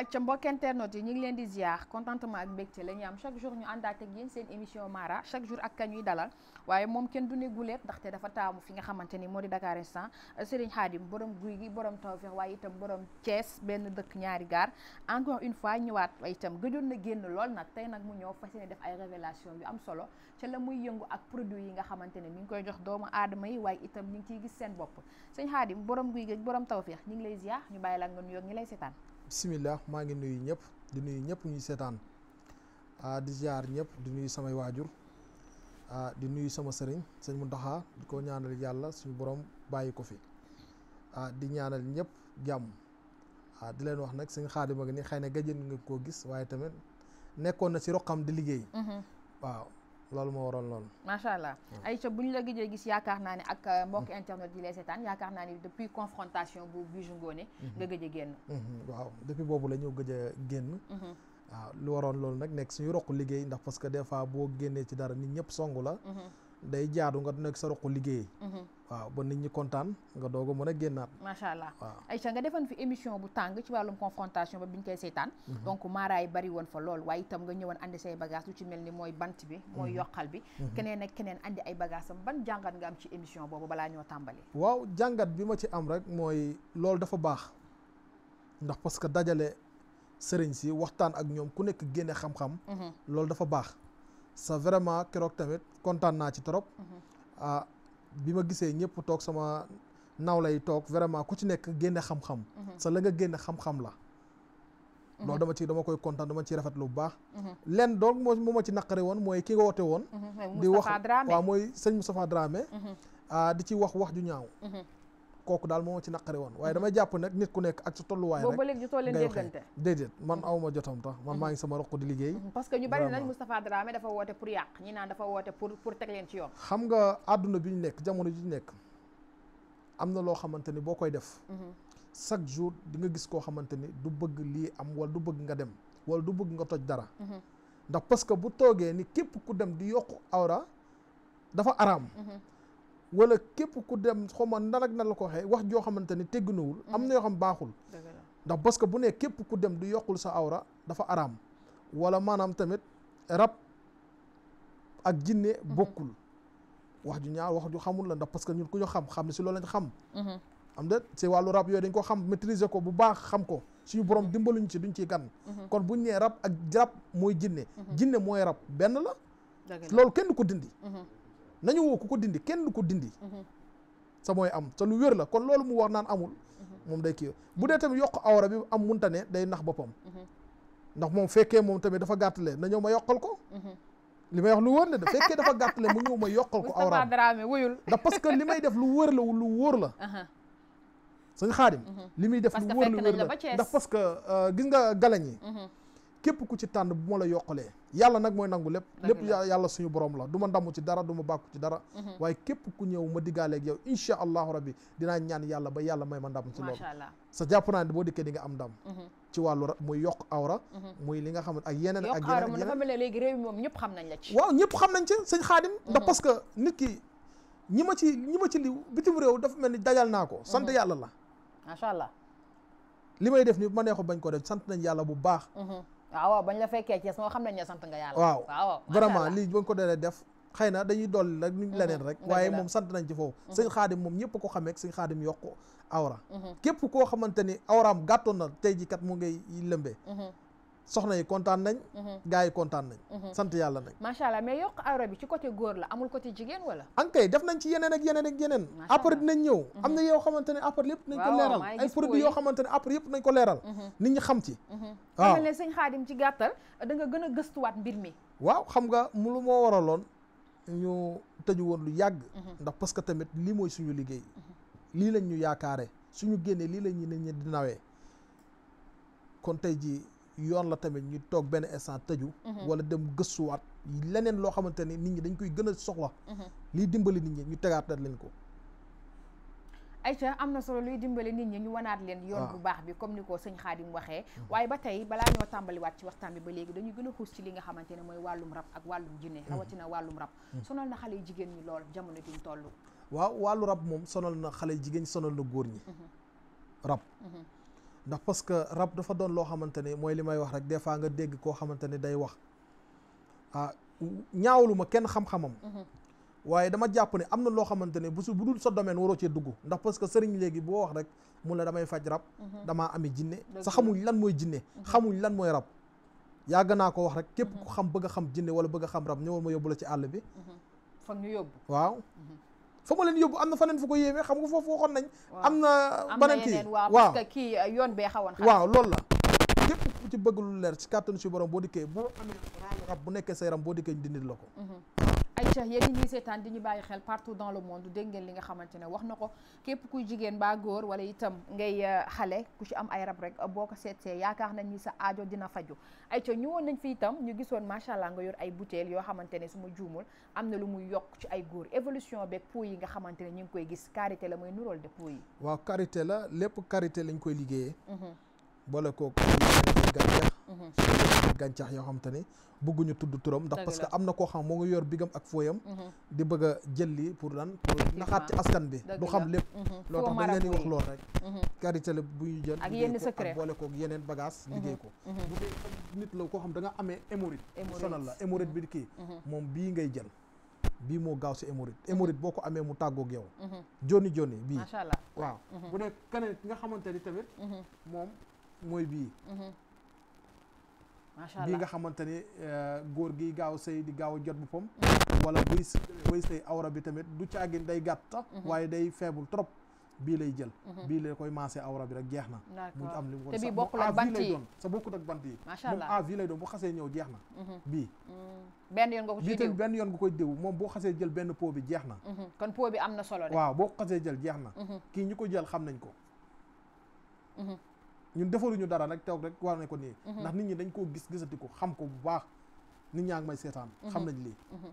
acca mbokk internautes yi ñu ngi leen di ziar contentement ak mbégte la ñuy am chaque jour ñu àndaat ak yéen seen émission Mara chaque jour ak kañuy dalal waaye moom kenn du ne guleet ndaxte dafa taamu fi nga xamante ni di Dakar instant Serigne Khadim borom guy gi borom tawfeex waaye itam borom Thiès benn dëkk ñaari gaar encore une fois ñëwaat waaye itam gëjoon na génn lool nag tey nag mu ñëw fas yéene def ay révélation yu am solo ca la muy yëngu ak produit yi nga xamante ne mi ngi koy jox doomu aadama yi waaye itam ñu ngi ciy gis seen bopp Serigne Khadim borom guy gi borom tawfeex ñu ngi lay ziar ñu bàyyi la nga nuyoog ñi lay bisimilah maa ngi nuyu ñëpp di nuyu ñëpp ñuy seetaan ah, di ziar ñëpp di nuyu samay waajur ah, di nuyu sama sëriñ sëñ Muntaxa di ko ñaanal yàlla suñu borom bàyyi ko fi ah, di ñaanal ñëpp jàmm di leen wax nag sëñ Xaadim a ngi ni xëy na gëj nga koo gis waaye tamit nekkoon na ci roqam di liggéey mm-hmm. waaw loolu moo waroon loolu macha allah hmm. Aïcha bu ñu la gëjee gis yaakaar naa ne ak euh, mbokk internet yi lay seetaan yaakaar naa ni depuis confrontation bu Bijou Ngoné hmm. nga gëj a génn hmm. waaw depuis boobu la ñu génn waaw lu waroon loolu nag nekk suñu roq liggéey ndax parce que des fois boo génnee ci dara nit ñëpp song la day jaadu nga nekk sa roq liggéey. Mhm. waaw ba nit ñi kontaan nga doog a mën a génnaat. macha allah waaw Aïcha nga defoon fi émission bu tàng ci wàllum confrontation ba biñ koy seetaan. Mhm. donc maara yi bari woon fa lool waaye itam nga ñëwoon andi say bagage lu ci mel ni mooy bant bi. mooy mhm. yokkal bi. keneen ak keneen andi ay bagages am ban jàngat nga am ci émission boobu balaa ñoo tàmbali. waaw jàngat bi ma ci am rek mooy loolu dafa baax ndax parce que dajale sëriñ si waxtaan ak ñoom ku nekk génne xam loolu dafa baax. sa vraiment keroog tamit kontaan naa ci trop. Mhm. ah bi ma gisee ñëpp toog sama naw lay toog vraiment ku ci nekk génne xam-xam. Mhm. sa la nga génne xam-xam la. Mhm. loolu dama ci dama koy kontaan dama ciy rafet lu baax. lenn donc moo moo ma ci naqare woon mooy ki woote woon. di wax waaw mooy sa Moustapha Dramé. Ah, di ci wax wax ju ñaaw. koku dal moo ci nakari won waye dama japp nak nit ku nek ak ci tollu tolluwaay rek bo léegi jotoo leen déggante dedet man awuma jotam tax man ma ngi sama roku di liggey mhm, parce que ñu bari nañ mustapha drame dafa wote pour yak ñi naan dafa wote pour pour tek len ci yoon xam nga aduna biñu nek jamono ji nek amna lo xamanteni bokoy def mhm. chaque jour di nga gis ko xamanteni du bëgg li am wala du bëgg nga dem wala du bëgg nga toj dara mhm. ndax parce que bu toge ni kep ku dem di yok awra dafa aram wala képp ku dem xawma nan ak nan la ko waxee wax joo xamante ni tegginuwul am mm-hmm. na yoo xam baaxul ndax parce que bu nee képp ku dem du yokkul sa awra dafa araam wala maanaam tamit rab ak jinne mm-hmm. bokkul wax ju ñaar wax ju xamul la ndax parce que ku ñu xam xam ne si loolu lañ xam mm-hmm. am na si wàllu rab yooyu dañ ko xam maîtriser ko bu baax xam ko suñu borom dimbaluñ ci duñ ci gan kon bu buñ nee rab ak rab mooy jinne jinne mooy rab benn la loolu kenn ko dindi nañu woo ku ko dindi kenn du ko dindi mm-hmm. sa mooy am te lu wér la kon loolu mu wax naan amul mm-hmm. moom day kii bu dee tamit yokk awra bi am munta ne day nax boppam mm-hmm. ndax moom fekkee moom tamit dafa gàttale na ñëw ma yokkal ko li may wax de fekkee dafa gàttale mu ñëw ma yokkal ko ndax parce li may def lu wóor la lu wóor la uh-huh. sëñ xaadim li muy def lu wóor lu wóor la ndax parce euh, gis nga galañ képp ku ci tànn bu ma la yokkalee yàlla nag mooy nangu lépp lépp yàlla suñu borom la du ma ndamu ci dara du ma bàkku ci dara mhm. waaye képp ku ñëw ma diggaaleeg yow incha allahu rabbi dinaa ñaan yàlla ba yàlla may ma ndam ci loolu sa jàpp naa ne boo dikkee di am ndam mhm. ci wàllu muy yokk awra mhm. muy li nga xam ak yeneen ak yeneen dafa mel ne léegi réew mi moom ñëpp xam nañ la ci waaw xaadim ndax parce nit ki ñi ma ci ñi ma ci liw bitim réew dafa la macha allah li waaw bañ la fekkee Thiès moo xam nañ ne sant nga yàlla. waaw vraiment lii ba nga ko doonee def. xëy na dañuy dolli rek ñu mhm, leneen rek waaye moom sant nañ ci foofu mhm. sëñ xaadim moom a ko xamee ak sëñ xaadim yokk awra mhm. képp koo xamante ni gàttoon na tey ji kat ngay lëmbee soxna yi kontaan nañ. Mhm. gars yi kontaan nañ. Mhm. sant yàlla nañ. macha allah mais yokk awra bi ci côté góor la amul côté jigéen wala. an kay def nañ ci yeneen ak yeneen ak yeneen. après dinañ ñëw. Mhm. am na yoo xamante ne après lépp nañ ko leeral. ay produits yoo xamante ne après yëpp nañ ko leeral. nit ñi xam ci. waaw ne sëñ Xaadim ci gàttal da nga gën a gëstuwaat mbir mi. waaw xam nga mu lu moo waraloon ñu tëju woon lu yàgg. ndax parce que tamit lii mooy suñu liggéey. lii lañ ñu yaakaare suñu génnee lii lañ ñu ne ñu di nawee kon tey jii yoon la tamit ñu toog benn instant tëju mhm. wala dem gëstuwaat leneen loo xamante ni nit ñi dañ koy gën a soxla mhm. liy dimbali nit ñi ñu tegaatal leen ko Aïcha am na solo luy dimbali nit ñi ñu wanaat leen yoon ah. bu baax bi comme ni ko sëñ Xaadim waxee mhm. waaye ba tey balaa ñoo tàmbaliwaat ci waxtaan bi ba léegi dañuy gën a xuus ci li nga xamante ne mooy wàllum rab ak wàllum jinne rawatina wàllum rab sonal na xale jigéen ñi lool jamono jiñ toll waaw wàllu rab moom sonal na xale jigéen sonal na góor ñi ndax parce que rab dafa doon loo xamante ni mooy li may wax rek des fois nga dégg koo xamante ni day wax ah ma kenn xam-xamam mhm. waaye dama jàpp ne am na loo xamante ne bu su bu dul sa domaine waroo cee dugg ndax parce que sëriñ léegi boo wax rek mun la damay faj rab mhm. damaa amee jinne sa xamuñ lan mooy jinne mhm. xamuñ lan mooy rab yàgg naa ko wax rek képp ku xam bëgg xam jinne wala bëgg xam rab ñëwal ma yóbbu la ci àll bi foog ñu yóbbu waaw fa ma leen yóbbu am na faneen fu ko yéeme xam nga foofu waxoon nañ am na beneen kii waaw kii euh, yoon bee xawoon waaw loolu la képp ci bëgg leer ci kàttanu si borom boo dikkee boo amee rab bu nekkee sa yaram boo dikkee ñu dindil la ko mhm. Cheikh yéen ñi ñuy seetaan di ñu bàyyi xel partout dans le monde dégg nga xamante wax na ko képp kuy jigéen baa góor wala itam ngay euh, xale ku ci am ay rab rek euh, boo ko seetsee yaakaar nañ ni sa ajo dina faju ay co ñu woon nañ fi itam ñu gisoon machallah nga yor ay butéel yoo xamante ne su ma juumul am na lu muy yokk ci ay góor évolution beeg pot yi nga xamante ne ñu ngi koy gis karité la mooy nuróol de pot yi waaw karité la lépp karité lañ koy liggéeyee mhm. boole gàncax yoo xam te ne bëgguñu tudd turam ndax parce que am na koo xam moo ngi yor bigam ak fooyam mhm. di bëgg a jël lii pour lan pour naxaat ci askan bi du xam lépp mhm. loo tax dañ leen di wax loolu rek karité mhm. la bu ñu jël ak yenn secret boole ko koo xam da amee hémorroïde sonal la hémorroïde kii moom bii ngay jël bii moo gaaw si hémorroïde hémorroïde boo ko amee mu tàggoog yow joni joni bii waaw bu dee keneen ki nga xamante tamit moom mooy bii bii nga xamante ni eh, góor gi gaaw sëy di gaaw a jot boppam wala buy buy sëy awra bi tamit du caagin day gàtt mhm. waaye day faible trop bii lay jël mhm. bii lay koy maase awra bi rek jeex na mu am li mu ko bokkul ak bant sa bokkut ak bant yi macha allah moom avii lay doon bu xasee ñëw jeex na mhm. bii mm. benn yoon nga ko bii tamit diw moom boo xasee jël benn pot bi jeex na kon pot bi am na solo de waaw boo ko xasee jël jeex na kii ñu ko jël xam nañ ko ñun defaluñu dara nag toog rek war nañ ko nii mhm. ndax nit ñi dañ koo gis gisati ko xam ko bu baax nit ñaa ngi may seetaan mhm. xam nañ lii mhm.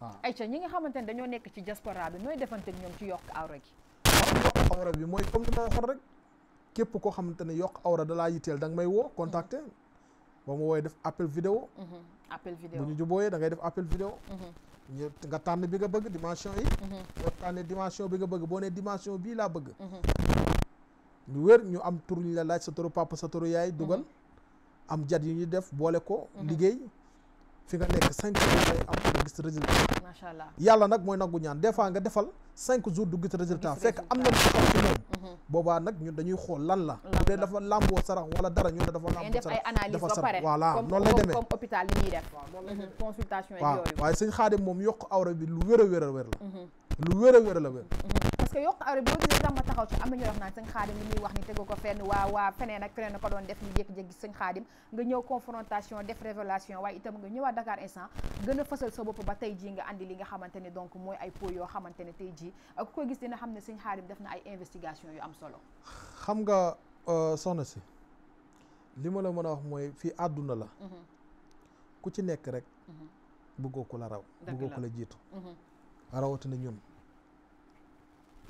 waaw ayca ñi nga xamante ne dañoo nekk ci diaspora bi nooy defante ñoom ci yokk awra gi yokk awra bi mooy comme li ma waxoon rek képp koo xamante yokk awra dalaa yitteel da nga may woo contacter ba mu wooyee def appel vidéo bu ñu jubooyee da ngay def appel vidéo ñu nga tànn bi nga bëgg dimension yi nga tànn dimension bi nga bëgg boo ne lu wér ñu am tur ñu la laaj sa turu papa sa turu yaay dugal mhm. am jat yi ñu def boole ko mhm. liggéey fi nga nekk cinq jours lay am nga gis résultat yàlla nag mooy nangu ñaan des fois nga defal cinq jours du gis résultat fekk am na lu xaw ci moom mhm. boobaa nag ñun dañuy xool lan la bu dee dafa làmboo sarax wala dara ñun ne dafa làmboo sarax dafa sarax lay demee waaye sëñ Xaadim moom yokk awra bi lu wér a wér la lu wér a la wér te yokk awra boo gisee sax ma taxaw ci am na ñoo wax naan sëñ xaadim li muy wax ni tegu ko fenn waa waa feneen ak feneen ko doon def ñu jékki-jékki gis xaadim nga ñëw confrontation def révélation waaye itam nga ñëwaat Dakar instant gën a fësal sa bopp ba tey jii nga andi li nga xamante ne donc mooy ay po yoo xamante ne tey jii ku ko gis dina xam ne sëñ xaadim def na ay investigation yu am solo xam nga euh, soxna si li ma la mën a wax mooy fii àdduna la mhm. ku ci nekk rek mhm. bëggoo ku la raw bëggoo ku la jiitu mhm. rawatina ñun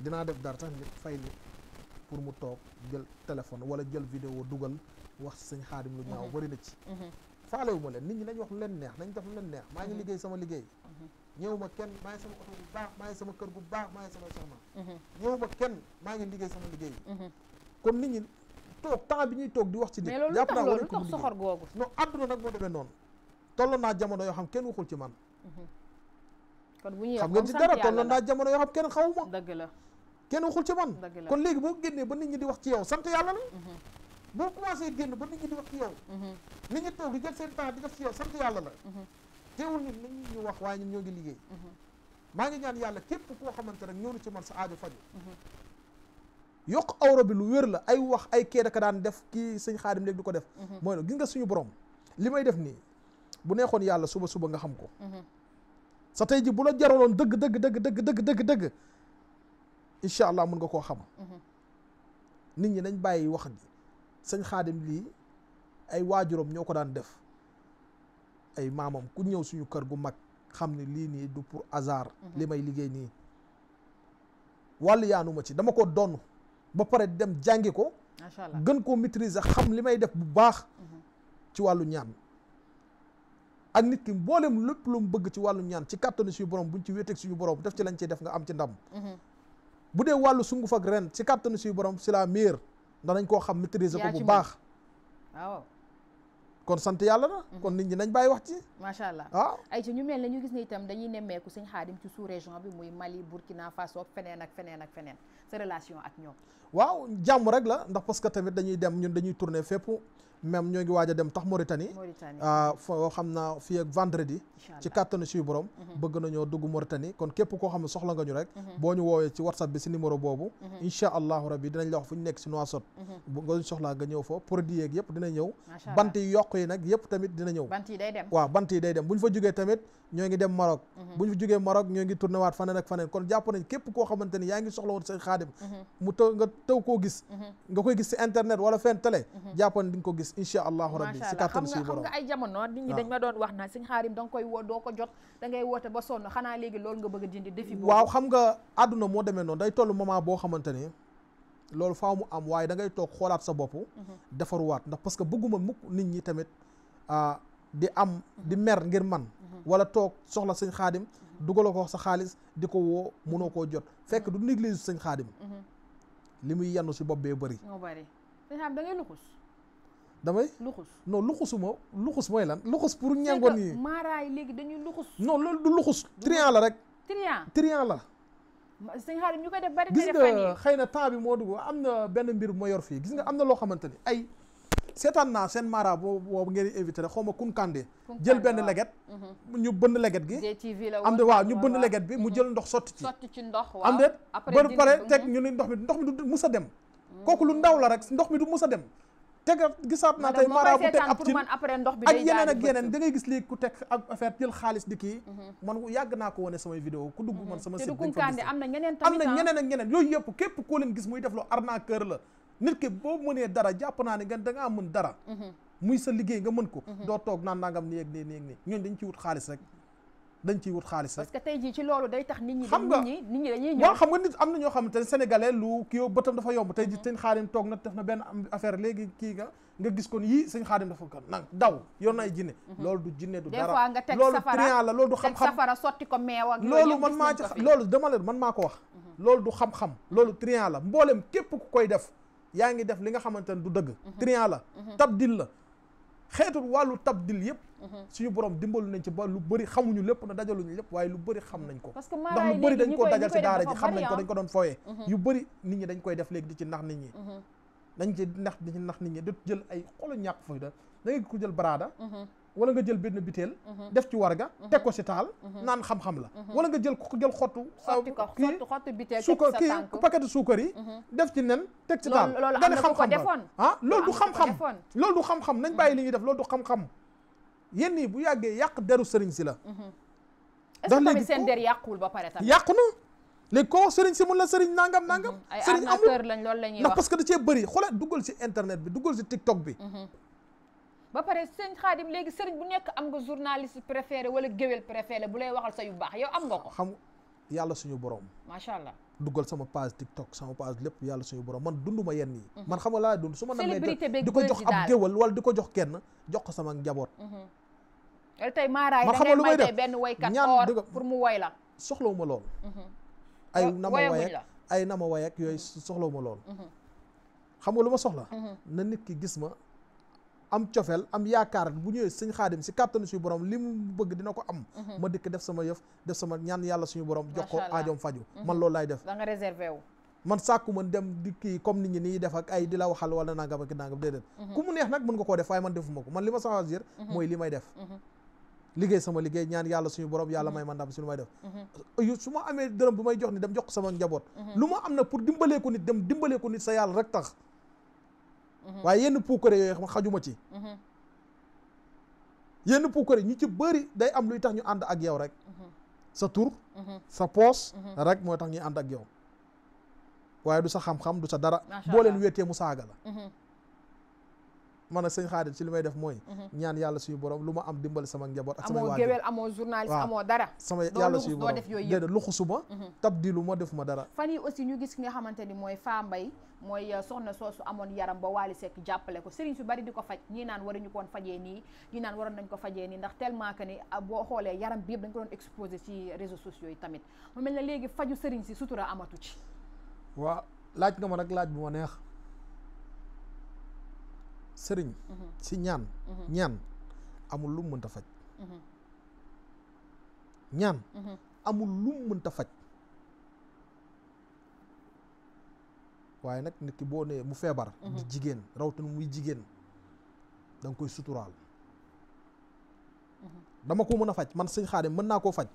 dinaa def dara tax nit fay nit pour mu toog jël téléphone wala jël vidéo dugal wax ci sëñ xaadim lu ñaaw mhm. bari na ci mhm. faalewu ma leen nit ñi nañ wax lu leen neex nañ def lu leen neex maa ngi mhm. liggéey sama liggéey ñëw ma kenn maa ngi sama oto bu baax maa ngi sama kër bu baax maa ngi sama soxna ñëw ma kenn maa ngi liggéey sama liggéey kon nit ñi toog temps bi ñuy toog di wax ci nit jàpp naa war a ko soxor googu non àdduna nag moo demee noonu toll naa jamono ci man kon bu ñuy xam ngeen ci dara tolloon naa jamono yoo xam kenn xawuma dëgg la kenn waxul ci man kon léegi boo génnee ba nit ñi di wax ci yow mhm. ba nit ñi di wax ci yow mhm. nit ñi toog di jël seen temps di def ci mhm. ñu wax waaye ñun ñoo ngi liggéey maa ngi ñaan yàlla képp koo xamante rek ñëw na man sa aajo faju yokk awra bi lu wér la ay wax ay kee daka daan def kii sëñ xaadim léegi du ko def mooy gis nga suñu borom li may def nii bu neexoon yàlla suba suba nga xam ko sa tey ji bu la jaraloon dëgg dëgg dëgg dëgg dëgg dëgg dëgg allah mun nga koo xam mhm. nit ñi nañ bàyyi wax ji sëñ xaadim lii ay waajuram ñoo ko daan def ay maamam ku ñëw suñu kër gu mag xam ne lii nii du pour hasard mhm. li may liggéey nii wàllu yaanuma ci dama ko donn ba pare dem jàngi ko gën koo maîtriser xam li may def bu baax mhm. ci wàllu ñaan ak nit ki mboolem lépp lu mu bëgg ci wàllum ñaan ci kàttanu suñu borom buñ ci wéeteeg suñu borom def ci lañ ciy def nga am ci ndam mhm. bu dee wàllu sunguf ak ren ci kàttanu suñu borom c'est la meilleure danañ koo xam maîtriser ko bu baax waaw yàlla na mhm. kon nit ñi nañ bàyyi wax ci macha allah ah. ñu mel ne ñu gis ne itam dañuy nemmeeku sëñ xaadim ci sous région bi muy Mali Burkina Faso ak feneen ak ak feneen sa relation ak ñoom waaw jàmm rek la ndax parce que tamit dañuy dem ñun dañuy tourner fépp même ñoo ngi waaj a dem tax Mauritanie ah, foo xam naa fii ak vendredi ci kàttanu suy borom mhm. bëgg nañoo dugg Mauritanie kon képp koo xam ne soxla nga ñu rek mhm. boo ñu woowee ci whatsapp bi si numéro boobu mhm. incha allahu rabbi dinañ la wax fu ñu nekk si Nouakchott bu nga soxlaa nga ñëw fa produit yeeg yëpp dina ñëw bant yi yokk yi nag yëpp tamit dina ñëw bant ñoo ngi dem kon képp koo xamante yaa ngi soxla woon sa xaadim mu taw nga taw koo gis nga koy gis si internet wala fenn télé jàpp di nga ko gis gis incha allahu rabbi si kàttan suñu borom xam nga ay jamono nit ñi da nga koy da ngay woote ba sonn xanaa léegi a dindi defi boobu waaw xam nga àdduna moo demee noonu day toll moment boo xamante da ngay toog xoolaat sa bopp mhm. defaruwaat ndax parce que bëgguma mukk nit ñi tamit ah, di am mhm. di mer ngir man mhm. wala toog soxla sëñ xaadim dugaloo ko sa xaalis di ko woo mënoo koo jot fekk du néglige sëñ xaadim li muy yenn si bopp bee bëri sëñ xaadim da ngay luxus damay luxus non luxusuma luxus moy lan luxus pour ñangoon yi maaraay léegi dañuy luxus non lolou du luxus trian la rek trian trian la seigne xaarim ñukay def bari gis nga xëy na temps bi moo dugg am benn mbir bu yor fi gis nga amna lo xamanteni ay seetaan naa mara bo bo ngeen éviter xoma kun kandé jël benn leget mhm. ñu bënd leget gi am de waaw ñu bënd leget bi mu mhm. jël ndox sotti ci sotti ci ndox waaw am de ba pare tek mhm. ñu ni ndox mi ndox mi du mus dem kooku lu ndaw la rek ndox mi du mus dem tegal gisaat naa tey mara bu ak yeneen ak yeneen da gis léegi ku teg ab jël xaalis di kii mhm. man yàgg naa ko wane samay vidéo ku dugg mhm. man sama site am na ah. ñeneen ak ñeneen yooyu yëpp képp koo gis muy def lu arnaqueur la nit ki boo mënee dara jàpp naa ne nga da ngaa mën dara mhm. muy sa liggéey nga mën ko doo toog naan nangam nii ak nii nii ñooñ dañ ci wut xaalis rek dañ ciy wut xaalis rek que tey jii ci loolu day tax nit ñi xam nga nit ñi dañuy ñëw xam nga nit am na ñoo xamante ne sénégalais lu kii yow bëtam dafa yomb tey jii mhm. sëñ toog na def na benn affaire léegi kii nga nga gis kon yii sëñ xaadim dafa kan nag daw yoon ay jinne mhm. loolu du jinne du dara des fois nga teg safara loolu triant du xam-xam sotti ko meew ak loolu man maa loolu dama leen man maa ko wax mhm. loolu du xam loolu triant la mbooleem képp ku koy def yaa ngi def li nga xamante ne du dëgg trian la tabdil la xeetul wàllu tabdil yëpp Mhm. suñu borom dimbalu nañ ci ba lu bëri xamuñu lépp na dajaluñu lépp waaye lu bëri xam nañ ko ndax lu bëri dañ ko dajal ci daara ji xam nañ ko ah. dañ ko doon fooyee mhm. yu dañ ko mhm. jël baraada wala nga jël benn biteel def ci warga teg ko si taal naan xam-xam la wala nga jël jël xottu kii paquetu suukar yi def ci nen teg ci taal nga ne xam-xam la ah, loolu du xam-xam nañ bàyyi li ñuy def loolu du xam-xam yenn yi bu yàggee yàq deru sëriñ si la. Mhm. ndax léegi est-ce que ba pare tamit. yàqu na léegi koo wax sëriñ si mun la sëriñ nangam mhm. nangam. ay arnaqueur lañ loolu la ñuy wax ndax parce que da cee bëri xoolal duggal si internet bi duggal si TikTok bi. Mhm. ba pare sëñ Xaadim léegi sëriñ bu nekk am nga journaliste préféré wala géwél préféré bu lay waxal sa yu baax yow am ga ko. yalla suñu borom. macha allah duggal sama page TikTok sama page lepp yalla suñu borom man dunduma yenn yi. Mhm. man xam nga laa dund suma ma. diko jox ab géwal wal diko jox kenn jox ko sama njabot hmm man tey maaraay da ngay may ben benn woykat or pour mu way la. soxlawuma lool. Mhm. ay nama way ay nama way ak yoy mhm. soxlawuma lool. xam nga luma soxla. na nit ki gis ma. am cofeel am yaakaar bu ñëwee sëñ xaadim si kàttanu suñu borom li mu bëgg dina ko am mhm. ma dikk def sama yëf def sama ñaan yàlla suñu borom jox ko mhm. man loolu laay def da nga réservé wu man sàkku man dem di kii comme nit ñi la waxal wala nangam ak nangam déedéet mhm. ku mu neex nag mën nga koo def waaye man defuma ko man li ma choisir mooy li may def su ma amee dërëm bu may jox ni dem jox sama njaboot lu ma am na pour dimbalee ko nit dimbalee ko nit sa yàlla rek tax Mm-hmm. waaye yenn puukare yooyu xam xajuma ci mm-hmm. yenn puukare ñu ci bëri day am luy tax ñu ànd ak yow rek mm-hmm. sa tur sa poos rek mooy tax ñuy ànd ak yow waaye du sa xam-xam du sa dara boo leen wéetee mu saaga la man a sëñ xaadim ci li may def mooy mhm. ñaan yàlla suñu borom lu ma am dimbali sama njaboot ak samay waajur amoo géwél amoo journaliste dara sama yàlla suñu borom déedéet luxusu ma mhm. tabdilu ma def ma dara fan yi aussi ñu gis ki nga xamante ni mooy Fa Mbay mooy euh, soxna soosu amoon yaram ba Waly Seck jàppale ko sëriñ su bari di ko faj ñii naan waruñu koon fajee nii ñii naan waroon nañ ko fajee nii ndax tellement que ni ah, boo xoolee yaram bi yëpp dañ ko doon exposé ci réseaux sociaux yi tamit mu mel ne léegi faju sëriñ si sutura amatu neex sëriñ si mhm. ñaan mhm. ñaan amul lu mu mënta faj mhm. ñaan amul lu mu mënta faj waaye nag nit ki boo nee mu feebar di jigéen rawatina muy jigéen da koy suturaal dama ko mën a faj man sëñ Xaadim mën naa koo faj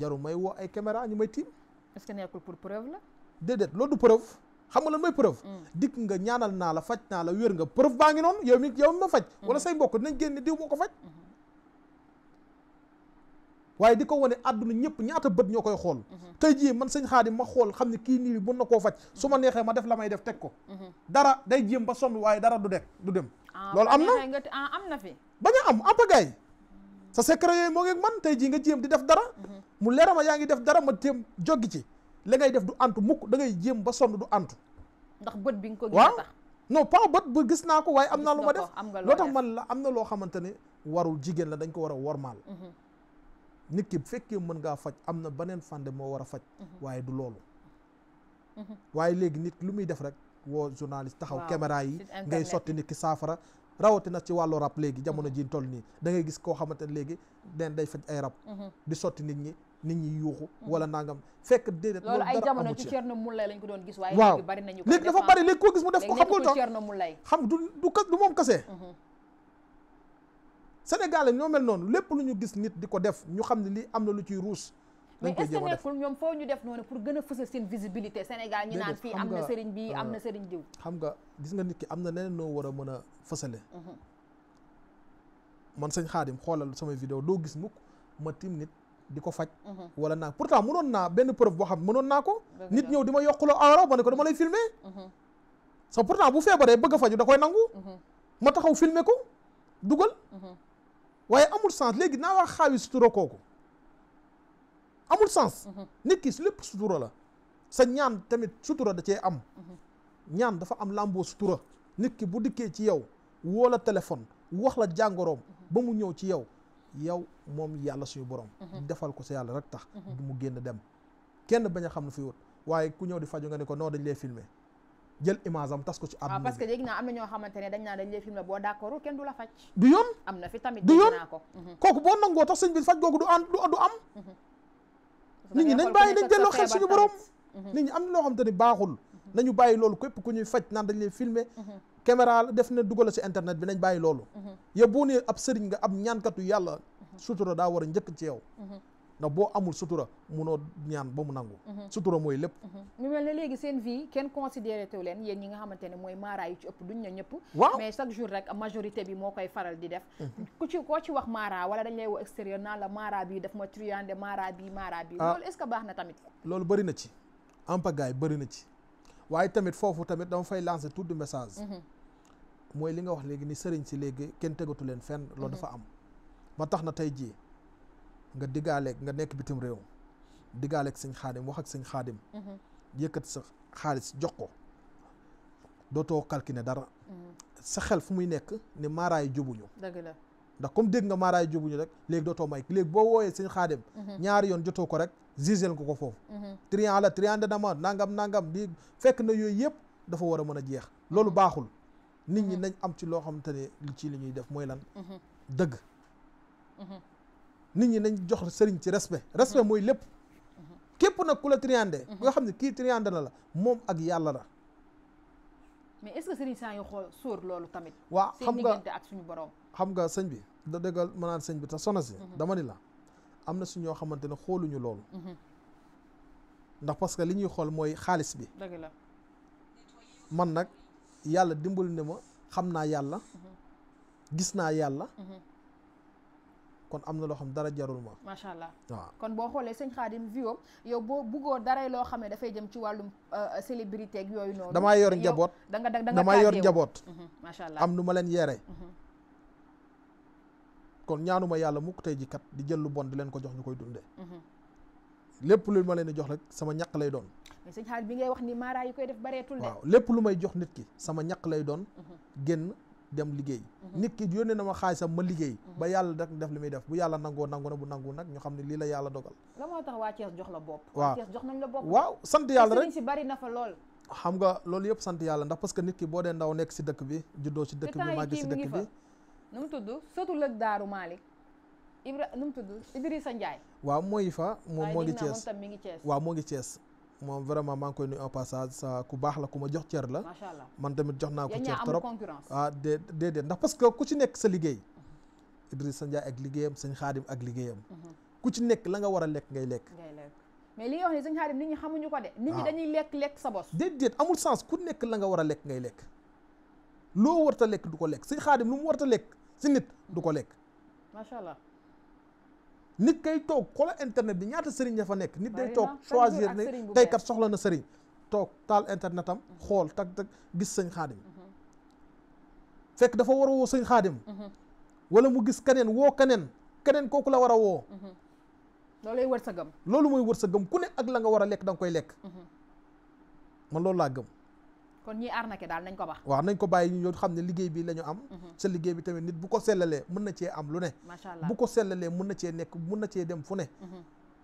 jaru may woo ay caméra ñu may tiim est-ce que nekkul preuve la déedéet loolu du preuve xam nga lan mooy preuve mm. dikk nga ñaanal naa la faj naa la wér nga preuve baa ngi noonu yow mi yow mi ma faj mm-hmm. wala say mbokk dinañ génne diw moo ko faj mm-hmm. Mm-hmm. waaye di ko wone àdduna ñëpp ñaata bët ñoo koy xool tey jii man sañ Xaadim ma xool xam ne kii nii mën na koo faj su ma neexee ma def la may def teg ko dara day jéem ba sonn waaye dara du dek du dem ah, loolu am na ah, am a am en pagaille sa secret yooyu moo ngi man tey jii nga jéem di def dara mu leerama yaa ngi def dara ma jéem joggi ci la ngay def du antu mukk da ngay jéem ba sonn du antu. ndax bët bi nga ko gis tax non pas naa ko waaye am naa lu ma def loo tax man la am na loo xamante ne warul jigéen la dañ ko war a wormaal. Mhm. nit ki bu fekkee mën ngaa faj am na beneen fànde moo war a faj. Mhm. waaye du loolu. Mhm. waaye léegi nit lu muy def rek woo journaliste taxaw caméra yi ngay sotti nit ki saafara rawatina ci wàllu rab léegi jamono ji toll nii dangay gis koo xamante ne léegi den day faj ay rab. di sotti nit ñi nit ñi yuuxu naa hmm. nangam fekk déedéet loolu ay jamono ci Thierno Moulay lañ ko doon gis waaye léegi bari nañu ko léegi dafa bari léegi koo gis ko xamul tax Thierno Moulay xam du du kas du moom kase hmm. Sénégalais ñoo mel noonu lépp lu ñu gis nit di ko def ñu xam ne lii am na lu ciy ruus mais est-ce foo ñu def noonu pour gën a fësal seen visibilité Sénégal ñu naan fii am na sëriñ bi am na euh, sëriñ diw xam nga gis nga nit ki am na leneen noo war a mën a fësale hmm. man sëñ Xaadim xoolal samay vidéo doo gis mukk ma tim di ko faj mhm. wala naa pourtant mënoon naa benn preuve boo xam mënoon naa ko nit ñëw di ma yokkuloo awra ma ne ko dama lay filmer mhm. sa pourtant bu feebaree bëgg a faju da koy nangu mhm. ma taxaw filmer ko dugal waaye amul sens léegi naa wax xaawi sutura kooku amul sens nit ki lépp sutura la sa ñaan tamit sutura da cee am ñaan dafa am làmboo sutura nit ki bu dikkee ci yow woo la téléphone wax la jàngoroom ba mu ñëw ci yow yow moom yàlla suñu borom. Mhm. defal ko sa yàlla rek tax. Mhm. mu génn dem kenn bañ a xam lu fi wut waaye ku ñëw di faju nga ne ko non dañ lay filmer jël image am tas ko ci ah, àdduna bi que léegi naa am na ñoo xamante ne dañ naa dañ lay filmer boo d'accord kenn du la faj. du yoon am na fi tamit. du yoon mhm. kooku boo nangoo tax sëñ bi faj googu du an du am. nit ñi nañ bàyyi nañ delloo xel suñu borom. nit ñi am na loo xamante ni baaxul. nañu bàyyi loolu képp ku ñuy faj naan dañ lay filmer mhm. caméra def na dugal si internet bi nañ bàyyi loolu mhm. yow boo nee ab sëriñ nga ab ñaankatu yàlla mhm. sutura daa war a njëkk ci yow ndax boo amul sutura munoo ñaan ba mu nangu sutura mooy lépp mu mel ne léegi seen vie kenn considéré leen yéen ñi nga xamante ne mooy maara yu ci ëpp duñ na ñëpp waaw mais chaque jour rek majorité bi moo koy faral di def ku ci koo ci wax maara wala dañ lay woo extérieur maara bi daf ma truande maara bi maara bi ah. loolu est ce que na tamit loolu bëri na ci ampagaay bëri na ci waaye tamit foofu tamit dama fay lancer tout de message mhm. mooy li nga wax léegi ni sëriñ si léegi kenn tegatu leen fenn loolu dafa mhm. am ba tax na tey jii nga diggaaleeg nga nekk bitim réew diggaaleeg sëñ xaadim wax ak sëñ xaadim mhm. yëkkati sa xaalis jox ko dootoo calculer dara sa xel fu muy nekk ni maaraayu jubuñu dëgg ndax comme dégg nga maaraay ñu rek léegi dootoo may léegi boo wooyee sëñ xaadim mhm. ñaari yoon jotoo ko rek zigel nga ko foofu mhm. trian la trian de dama nangam nangam lii fekk na yooyu yëpp dafa war a mën a jeex loolu baaxul nit ñi mhm. nañ am ci loo xamante ne ci li ñuy def mooy lan dëgg nit ñi nañ jox sëriñ ci respect respect mooy lépp képp nag ku la triandé nga xam ne kii triandé na la moom ak yàlla la mais est-ce que sëriñ saa yu sóor loolu tamit waaw xam nga ak suñu borom xam nga sëñ bi da dëggal ma naan sëñ bi te soxna si mhm. dama ni la am na su ñoo xamante ne xooluñu loolu mhm. ndax parce que li ñuy xool mooy xaalis bi dëgg la man nag yàlla dimbali ne ma xam naa yàlla mhm. gis naa yàlla kon am na loo xam dara jarul ma macha waaw kon boo xoolee sëñ Xaadim viom yow boo buggoo dara loo xam ne dafay jëm ci wàllum euh, euh, célébrité ak yooyu noonu damaa yor njaboot da nga da nga damaa yor njaboot macha allah am nu ma leen yeere kon ñaanuma yàlla mukk tey ji kat di jël lu bon di leen ko jox ñu koy dundee mhm. lépp lu ma leen di jox rek sama ñaq lay doon mais sëñ xaalis bi ngay wax ni maara yi de waaw lépp lu may mhm. génn dem liggéey mhm. nit ki yónnee na ma xaalisam ma liggéey ba yàlla def li muy def bu yàlla nangoo nangu na bu nangu nag ñu xam ne lii la yàlla dogal la moo tax waa Thiès jox la bopp waaw sant yàlla rek si bari na fa lool xam nga loolu yëpp sant yàlla ndax parce nit ki boo dee ndaw nekk si dëkk bi juddoo si dëkk bi màgg si dëkk bi nu mu tudd sëtu lëg daaru Malick Ibra nu mu waaw mooy fa moom moo ngi Thiès moom mi ngi Thiès. waaw moo ngi Thiès moom vraiment maa ngi koy nuyu en passage sa ku baax la ku ma jox cër la. macha allah man tamit jox naa ko cër trop ah déedéet ndax parce que ku ci nekk sa liggéey. Idrissa Ndiaye ak liggéeyam sëñ Xaadim ak liggéeyam. Mhm. ku ci nekk la nga war a lekk ngay lekk. mais li nga wax ni sëñ Xaadim nit ñi xamuñu ko de. nit ñi ah. dañuy lekk lekk sa bos. déedéet amul sens ku nekk la nga war a lekk ngay lekk. loo warta lekk du ko lekk sëñ Xaadim lu mu warta lekk ci nit du ko lekk. macha allah. nit kay toog xoola internet bi ñaata sëriñ dafa nekk nit day toog choisir ne tey soxla na sëriñ toog taal internet am mm-hmm. xool tag tak gis sëñ xaadim mm-hmm. fekk dafa war a woo sëñ xaadim mm-hmm. wala mu gis keneen woo keneen keneen kooku la war a woo looluy wërsëgam loolu mooy gëm ku ne ak la nga war a lekk danga koy lekk man loolu laa gëm kon ñii ñiy arnaqué daal nañ ko baax waaw nañ ko bàyyi ñu xam ne liggéey bi la ñu am mhm. sa liggéey bi tamit nit bu ko sellalee mën na cee am lu ne macha allah bu ko sellalee mën na cee nekk mun na cee dem fu ne mhm.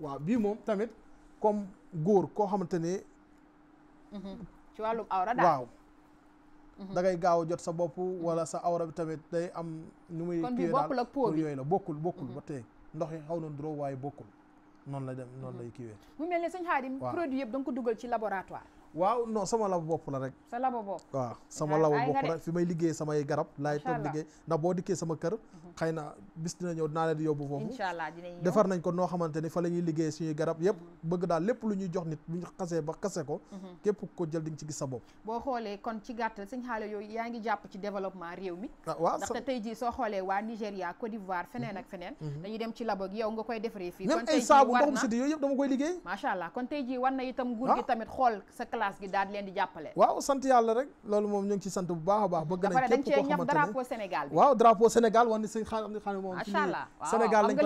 waaw bii moom tamit comme góor koo xamante ne. Mhm. ci wàllum awra daal waaw. Mhm. gaaw a jot sa bopp mhm. wala sa awra bi tamit day am. nu muy kon bi la ak po bi yooyu la bokkul bokkul ba tey ndox yi xaw na duroo waaye bokkul noonu la dem noonu lay kiiwee. mu mel ne sëñ Xaadim produit yëpp da ko dugal ci laboratoire. waaw non sama labu bopp la rek. sa labu bopp waaw sama labu bopp la fi may liggéey samay garab. laay toog liggéey ndax boo dikkee sama kër. Mhm. xëy na bis dina ñëw dinaa leen di yóbbu foofu. defar nañ ko noo xamante ni fa la ñuy liggéey suñuy garab yëpp. Mhm. bëgg daal lépp lu ñuy jox nit bu ñu xasee ba xase ko. Mhm. képp ko jël di nga ci gis sa bopp. boo xoolee kon ci gàttal sëñ xaale yooyu yaa ngi jàpp ci développement réew mi. Ah, waaw ndaxte tey jii soo xoolee waa Nigéria Côte d'Ivoire feneen ak feneen. dañuy classe gi daal di leen di jàppale waaw sant yàlla rek loolu moom ñu ngi ci sant bu baax a baax bëgg nañ képp koo xamante ne drapeau Sénégal bi waaw drapeau Sénégal wan ni sëñ xam ne xam ne moom macha allah Sénégal lañ ah. a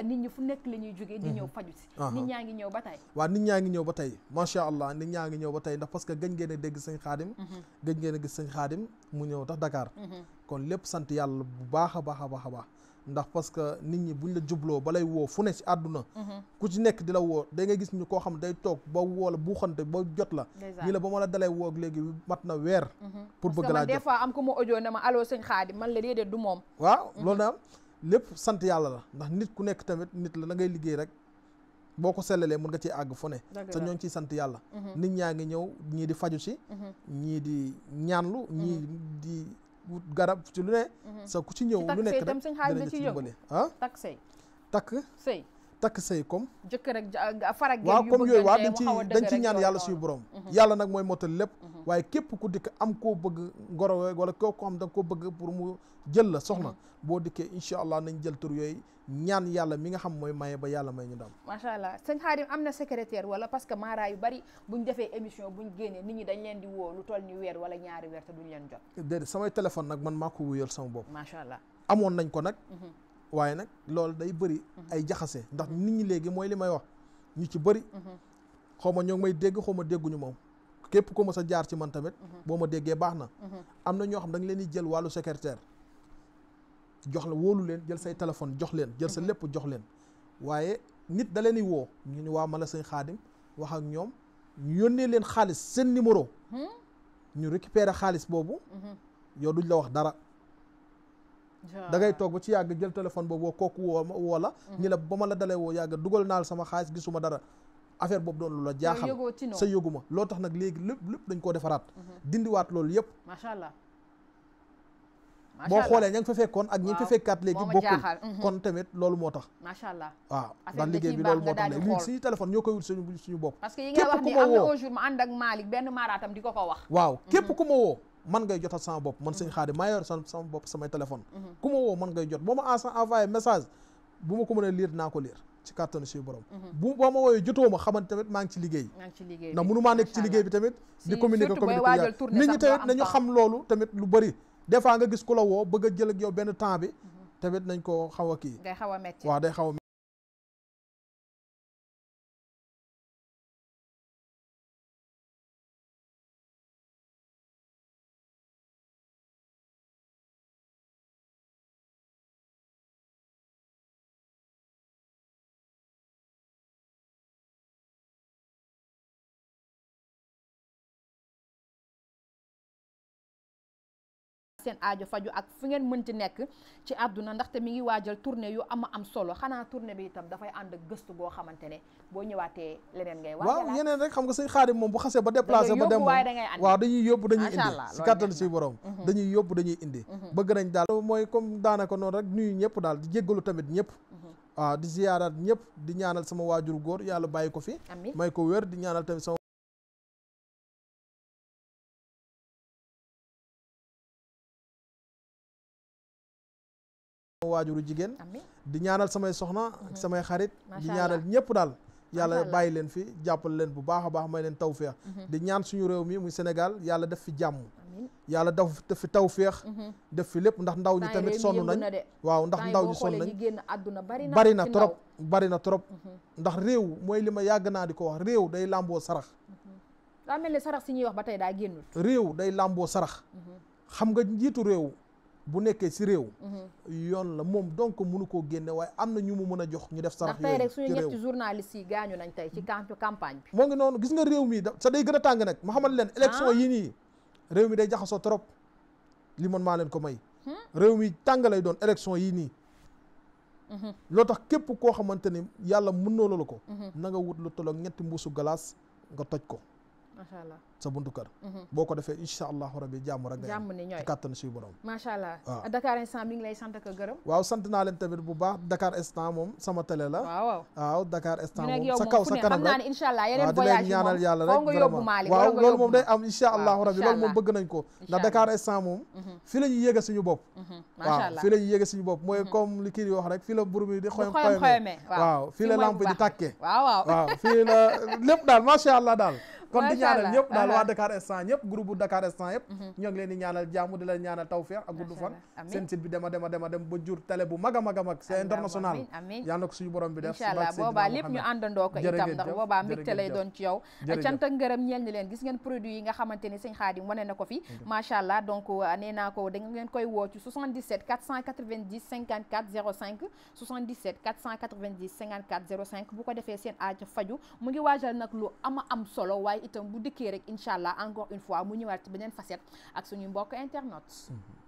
ah, nit ñi fu nekk la ñuy jógee mhm. ñëw faju si nit ñaa ngi ñëw ba tey waaw nit ñaa ngi ñëw ba tey macha allah nit ñaa maa ngi ñëw ba tey ndax parce que gëj ngeen a dégg sëñ xaadim mhm. gëj ngeen a gis sëñ xaadim mu ñëw tax Dakar mhm. kon lépp sant yàlla bu baax a baax a baax a baax ndax parce que nit ñi buñ la jubloo ba lay woo fu ne ci àdduna mhm. ku ci nekk di la woo da nga gis ñu koo xam day toog ba woo la bu ba jot la ñi la ba ma la dalay woo ak léegi mat na weer pour bëgg laa jot des fois am ko ma audio ne ma allo sëñ xaadim man la déedéet du moom waaw la ndax nit ku nekk tamit nit la da liggéey rek boo ko sellalee mun nga ciy àgg fone ne te ñoo sant yàlla mhm. nit ñaa ngi ñëw ñii di faju si mhm. ñii di ñaanlu mhm. ñii di wut garab ci lu ne sa ku ci ñëw lu nekk rek dinañ la ci dimbale ah takk sëy takk sëy takk sëy comme jëkkër ak far ak waaw comme yooyu waaw dañ ci dañ ci ñaan yàlla suñu borom mhm. yàlla nag mooy motal lépp mhm. waaye képp ku dikk am koo bëgg ngorowee wala koo ko am da nga koo bëgg pour mu jël la soxna mhm. boo dikkee incha allah nañ jël tur yooyu ñaan yàlla mi nga xam mooy maye ba yàlla may ñu daam macha allah sëñ Xaadim am na secrétaire wala parce que mara yu bari buñ defee émission buñ génnee nit ñi dañ leen di woo lu toll ni weer wala ñaari weer te duñ leen jot déedéet samay nag man maa ko wuyal sama bopp macha allah amoon nañ ko nag waaye nag loolu day bëri mhm. ay jaxase ndax nit ñi léegi mooy li may wax ñu ci bëri mhm. xaw ma ñoo may dégg xaw ma dégguñu moom képp ko ma sa jaar ci man tamit mhm. boo ma déggee baax na am na ñoo xam da nga leen di jël wàllu secrétaire jox la wóolu leen jël say téléphone jox leen jël sa lépp jox leen waaye nit da leen di woo ñu ni waa ma la sëñ xaadim wax ak ñoom ñu yónnee leen xaalis seen numéro hmm? ñu récupérer xaalis boobu yow duñ la wax dara da ngay toog ba ci yàgg jël téléphone boobu woo kooku woo woo la ñi mm-hmm. la ba ma la dalee woo yàgg dugal naal sama xaalis gisuma dara affaire boobu doon lu la jaaxal sa yëguma loo tax nag léegi lépp lépp dañ koo defaraat mm-hmm. dindiwaat loolu yëpp macha allah boo xoolee fa fekkoon ak ñi fekkaat léegi bokkul mm-hmm. kon moo tax macha allah waaw ndax liggéey bi loolu moo tax léegi suñu téléphone ñoo koy wut suñu bopp parce que yi nga wax ni am na au ma ànd ko ko wax waaw képp ku ma woo man ngay jot sama bop man seigne khadim mayor sama bop sama téléphone kuma wo man ngay jot boma ma asan envoyer message buma ko mën lire nako lire ci carton ci borom bu boo ma wooyee jotoo ma xamante tamit maa ngi ci liggéey na mënu maa nekk ci liggéey bi tamit di communiquer communiquer nit ñi tamit nañu xam lolu tamit lu bari defa nga gis kula wo woo bëgg jël ak yow ben temps bi tamit nañ ko xaw xawa metti wa day xawa seen aajo faju ak fi ngeen mënti nekk ci àdduna ndaxte mi ngi waajal tournée yu ama am solo xanaa tournée bi itam dafay ànd ak gëstu goo xamante ne boo ñëwaatee leneen ngay waaw yeneen rek xam nga sëñ Xaadim moom bu xasee ba déplacé ba dem waaw dañuy yóbbu dañuy indi si kàttan si borom mhm. dañuy yóbbu dañuy indi mhm. bëgg nañ daal mooy comme daanaka noonu rek nuyu ñëpp daal di jéggalu tamit ñëpp mhm. waaw di ziyaaraat ñëpp di ñaanal sama waajur góor yàlla bàyyi ko fi may ko wér di ñaanal tamit sama sama waajuru jigéen di ñaanal samay soxna mhm. samay xarit di ñaanal ñëpp daal yàlla bàyyi leen fi jàppal leen bu baax a baax may leen tawféex mhm. di ñaan suñu réew mi muy Sénégal yàlla def fi jàmm yàlla daf def fi tawféex mhm. def fi lépp ndax ndaw ñi tamit sonn nañ waaw ndax ndaw ñi sonn nañ bari na trop bari na trop ndax réew mooy li ma yàgg naa di ko wax réew day làmboo sarax daa mel ni si ñuy wax ba tey daa génnul réew day làmboo sarax xam nga njiitu réew bu nekkee si réew mhm. yoon la moom donc mënu koo génne waaye am na ñu mu mën a jox ñu def sarax yooyu rek suñu ñetti journalistes yi gaañu nañ tey ci campagne bi moo ngi noonu gis nga réew mi sa day gën a tàng nag ma xamal leen élection ah. yii nii réew mi day jaxasoo trop li man maa leen ko may hmm? réew mi tàng lay doon élection yii nii mhm. loo tax képp koo xamante ni yàlla mën na loolu ko mhm. na nga wut lu tolloog ñetti mbuusu galaas nga toj ko macha allah sa buntu kër. Mhm. boo ko defee incha allahu jàmm rek. jàmm ni ci kàttan suy borom. waaw sant naa leen tamit bu baax Dakar instant moom la. waaw waaw Dakar instant moom sa kaw sa kanam la incha allah yeneen voyage ñaanal yàlla rek vraiment waaw loolu moom day am incha allahu rabi loolu moom bëgg nañ ko. ndax Dakar instant moom. Mhm. fi la ñuy yéege suñu bopp. Mhm. macha allah waaw fi la ñuy yéege suñu bopp mooy comme li kii di wax rek fi la bur bi di xoyom xoyome waaw fi la lamp di tàkkee waaw waaw fi la lépp daal macha allah daal kon di ñaanal ñëpp daal waa Dakar instant ñëpp groupe bu Dakar instant yëpp mhm. ñoo ngi leen di ñaanal jàmm di leen ñaanal tawfeex ak gudd fan seen site bi dema dema dema dem ba jur télé bu mag a mag a mag c'est international yal na ko suñu borom bi def incha allah boobaa lépp ñu àndandoo ko itam ndax boobaa mbégte lay doon ci yow cant ak ngërëm ñeel ni leen gis ngeen produit yi nga xamante ni sëñ Xaadim wane na ko fi macha allah donc euh, nee naa ko da ngeen koy woo ci 77 490 54 05 77 490 54 05 bu ko defee seen aajo faju mu ngi waajal nag lu ama am solo waaye itam bu dikkee rek incha allah encore une fois mu ñëwaat ci beneen facette ak suñu mbokk internautes mhm.